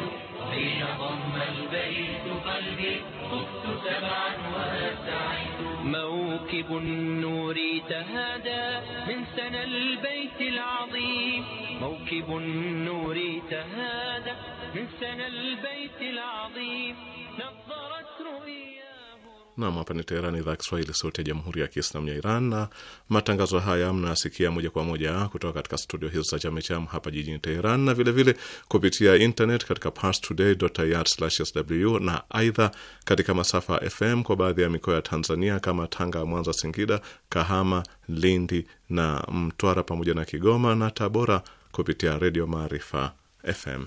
حين ضم البيت قلبي خفت سبعا وسعيت موكب النور تهادى من سنى البيت العظيم موكب النور تهادى من سنى البيت العظيم نظرت رؤيا Nam, hapa ni Teherani, idhaa Kiswahili, sauti ya jamhuri ya kiislamu ya Iran. Na matangazo haya mnaasikia moja kwa moja kutoka katika studio hizo za Chamicham hapa jijini Teheran, na vilevile vile kupitia internet katika parstoday.ir/sw na aidha katika masafa FM kwa baadhi ya mikoa ya Tanzania kama Tanga, Mwanza, Singida, Kahama, Lindi na Mtwara pamoja na Kigoma na Tabora kupitia Redio Maarifa FM.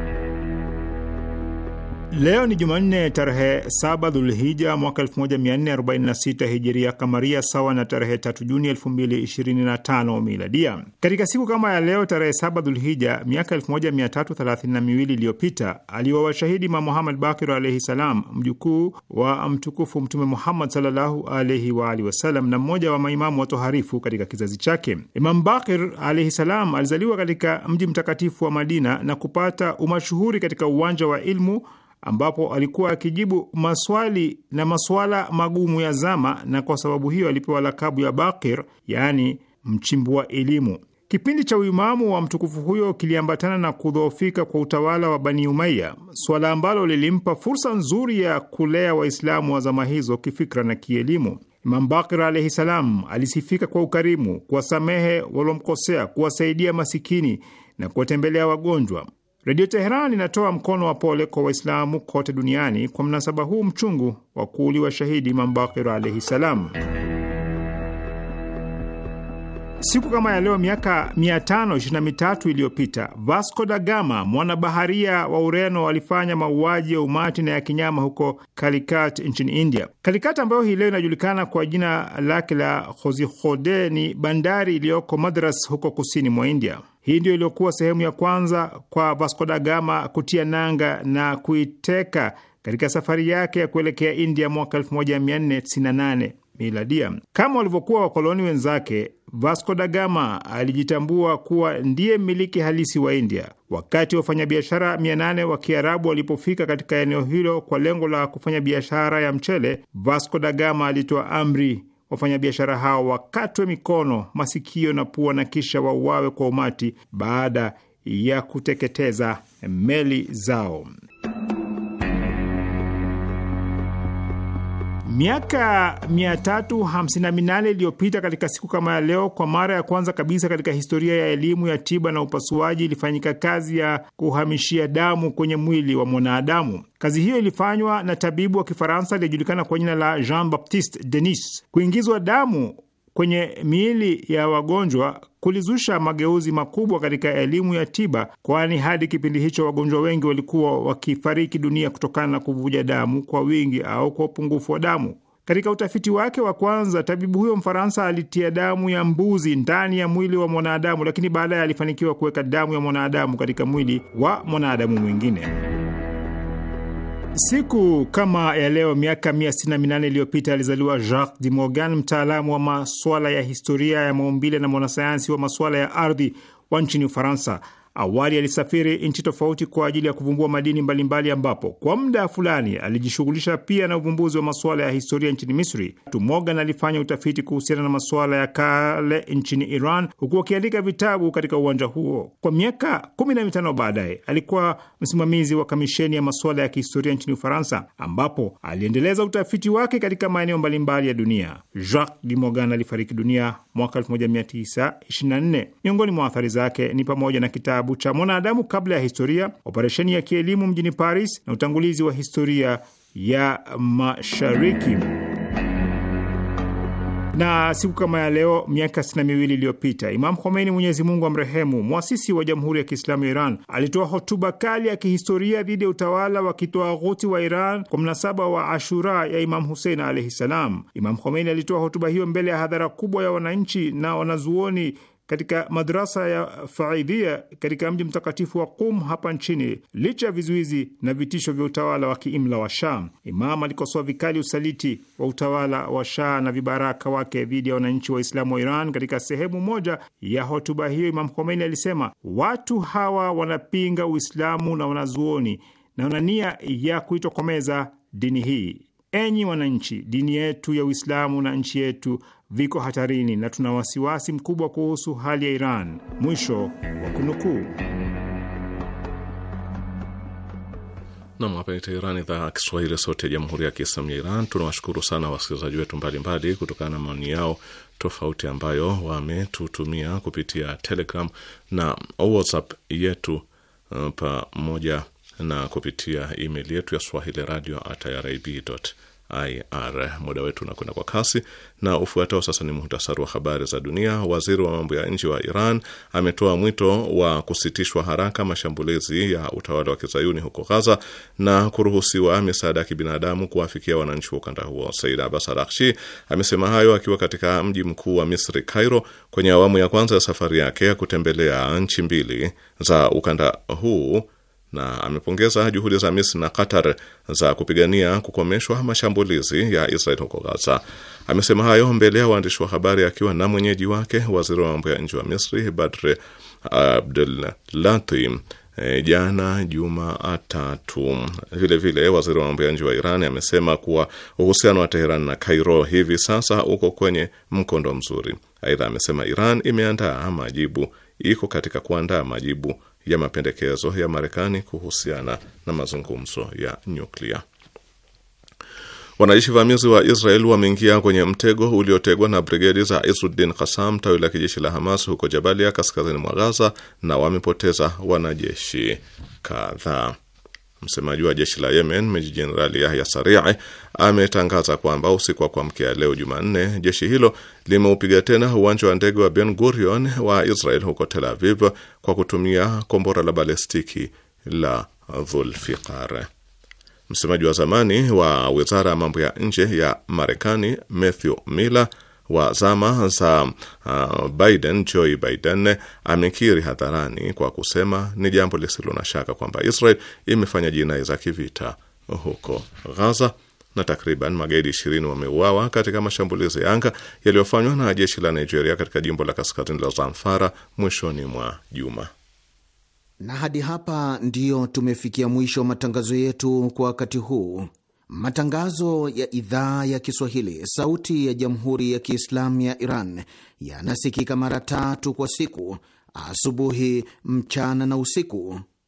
Leo ni Jumanne tarehe 7 Dhulhija mwaka 1446 hijiria kamaria sawa na tarehe 3 Juni 2025 miladia. Katika siku kama ya leo tarehe saba Dhulhija miaka 1332 iliyopita aliwa shahidi Imam Muhammad Bakir alaihi salam, mjukuu wa mtukufu Mtume Muhammad sallallahu alaihi wa alihi wasallam na mmoja wa maimamu watoharifu katika kizazi chake. Imam Bakir alaihi salam alizaliwa katika mji mtakatifu wa Madina na kupata umashuhuri katika uwanja wa ilmu ambapo alikuwa akijibu maswali na masuala magumu ya zama, na kwa sababu hiyo alipewa lakabu ya Bakir, yaani mchimbua elimu. Kipindi cha uimamu wa mtukufu huyo kiliambatana na kudhoofika kwa utawala wa Bani Umaya, suala ambalo lilimpa fursa nzuri ya kulea Waislamu wa zama hizo kifikra na kielimu. Imam Bakir alaihi salam alisifika kwa ukarimu, kuwasamehe waliomkosea, kuwasaidia masikini na kuwatembelea wagonjwa. Redio Teheran inatoa mkono wa pole kwa Waislamu kote duniani kwa mnasaba huu mchungu wa kuuliwa shahidi Imam Bakir alaihi salam. Siku kama ya leo miaka 523 iliyopita Vasco da Gama, mwanabaharia wa Ureno, alifanya mauaji ya umati na ya kinyama huko kalikat nchini India. Kalikat ambayo hii leo inajulikana kwa jina lake la Kozhikode ni bandari iliyoko Madras huko kusini mwa India. Hii ndio iliyokuwa sehemu ya kwanza kwa Vasco da Gama kutia nanga na kuiteka katika safari yake ya kuelekea India mwaka 1498 miladia. Kama walivyokuwa wakoloni wenzake, Vasco da Gama alijitambua kuwa ndiye mmiliki halisi wa India. Wakati wafanyabiashara 800 wa Kiarabu walipofika katika eneo hilo kwa lengo la kufanya biashara ya mchele, Vasco da Gama alitoa amri wafanyabiashara hao wakatwe mikono, masikio na pua na kisha wauawe kwa umati baada ya kuteketeza meli zao. Miaka 358 iliyopita katika siku kama ya leo, kwa mara ya kwanza kabisa katika historia ya elimu ya tiba na upasuaji ilifanyika kazi ya kuhamishia damu kwenye mwili wa mwanadamu. Kazi hiyo ilifanywa na tabibu wa Kifaransa aliyejulikana kwa jina la Jean Baptiste Denis. Kuingizwa damu kwenye miili ya wagonjwa kulizusha mageuzi makubwa katika elimu ya tiba, kwani hadi kipindi hicho wagonjwa wengi walikuwa wakifariki dunia kutokana na kuvuja damu kwa wingi au kwa upungufu wa damu. Katika utafiti wake wa kwanza, tabibu huyo Mfaransa alitia damu ya mbuzi ndani ya mwili wa mwanadamu, lakini baadaye alifanikiwa kuweka damu ya mwanadamu katika mwili wa mwanadamu mwingine. Siku kama ya leo miaka 168 iliyopita alizaliwa Jacques de Morgan, mtaalamu wa maswala ya historia ya maumbile na mwanasayansi wa masuala ya ardhi wa nchini Ufaransa. Awali alisafiri nchi tofauti kwa ajili ya kuvumbua madini mbalimbali, ambapo kwa muda fulani alijishughulisha pia na uvumbuzi wa masuala ya historia nchini Misri. tumogan alifanya utafiti kuhusiana na masuala ya kale nchini Iran, huku akiandika vitabu katika uwanja huo. Kwa miaka kumi na mitano baadaye alikuwa msimamizi wa kamisheni ya masuala ya kihistoria nchini Ufaransa, ambapo aliendeleza utafiti wake katika maeneo mbalimbali ya dunia. Jacques de alifariki dunia mwaka 1924. Miongoni mwa athari zake ni pamoja na kitabu cha Mwanadamu kabla ya Historia, operesheni ya kielimu mjini Paris na utangulizi wa historia ya Mashariki. Na siku kama ya leo miaka sitini na miwili iliyopita Imam Khomeini, Mwenyezi Mungu amrehemu, mwasisi wa Jamhuri ya Kiislamu ya Iran, alitoa hotuba kali ya kihistoria dhidi ya utawala wa kitwaghuti wa Iran kwa mnasaba wa Ashura ya Imam Husein alaihi salam. Imam Khomeini alitoa hotuba hiyo mbele ya hadhara kubwa ya wananchi na wanazuoni katika madrasa ya Faidhia katika mji mtakatifu wa Qum hapa nchini, licha ya vizuizi na vitisho vya utawala wa kiimla wa Shah. Imam alikosoa vikali usaliti wa utawala wa Shah na vibaraka wake dhidi ya wananchi Waislamu wa Iran. Katika sehemu moja ya hotuba hiyo, Imam Khomeini alisema, watu hawa wanapinga Uislamu na wanazuoni na wana nia ya kuitokomeza dini hii. Enyi wananchi, dini yetu ya Uislamu na nchi yetu viko hatarini na tuna wasiwasi mkubwa kuhusu hali ya Iran. Mwisho wa kunukuu. Nam, hapa ni Teheran, idhaa ya Kiswahili, sauti ya jamhuri ya kiislamu ya Iran. Tunawashukuru sana wasikilizaji wetu mbalimbali kutokana na maoni yao tofauti ambayo wametutumia kupitia Telegram na WhatsApp yetu eh, pamoja na kupitia email yetu ya swahili radio at irib IR. Muda wetu unakwenda kwa kasi, na ufuatao sasa ni muhtasari wa habari za dunia. Waziri wa mambo ya nje wa Iran ametoa mwito wa kusitishwa haraka mashambulizi ya utawala wa kizayuni huko Gaza na kuruhusiwa misaada ya kibinadamu kuwafikia wananchi wa ukanda huo. Said Abbas arakshi amesema hayo akiwa katika mji mkuu wa Misri, Cairo, kwenye awamu ya kwanza ya safari yake ya kutembelea nchi mbili za ukanda huu na amepongeza juhudi za Misri na Qatar za kupigania kukomeshwa mashambulizi ya Israel huko Gaza. Amesema hayo mbele ya waandishi wa habari akiwa na mwenyeji wake waziri wa mambo ya nje wa Misri Badr Abdulatim e, jana Jumatatu. Vile vile waziri wa mambo ya nje wa Iran amesema kuwa uhusiano wa Teheran na Kairo hivi sasa uko kwenye mkondo mzuri. Aidha amesema Iran imeandaa majibu, iko katika kuandaa majibu ya mapendekezo ya Marekani kuhusiana na mazungumzo ya nyuklia. Wanajeshi vamizi wa Israel wameingia kwenye mtego uliotegwa na brigedi za Isuddin Kasam, tawi la kijeshi la Hamas huko Jabalia, kaskazini mwa Gaza, na wamepoteza wanajeshi kadhaa. Msemaji wa jeshi la Yemen, meji jenerali Yahya Sarii, ametangaza kwamba usiku wa kuamkia leo Jumanne, jeshi hilo limeupiga tena uwanja wa ndege wa Ben Gurion wa Israel huko Tel Aviv kwa kutumia kombora la balestiki la Dhulfiqar. Msemaji wa zamani wa wizara ya mambo ya nje ya Marekani Matthew Miller wa zama za uh, Biden Joe Biden amekiri hadharani kwa kusema ni jambo lisilo na shaka kwamba Israel imefanya jinai za kivita huko Gaza na takriban magaidi ishirini wameuawa katika mashambulizi ya anga yaliyofanywa na jeshi la Nigeria katika jimbo la kaskazini la Zamfara mwishoni mwa juma. Na hadi hapa ndiyo tumefikia mwisho wa matangazo yetu kwa wakati huu. Matangazo ya idhaa ya Kiswahili sauti ya jamhuri ya Kiislamu ya Iran yanasikika mara tatu kwa siku: asubuhi, mchana na usiku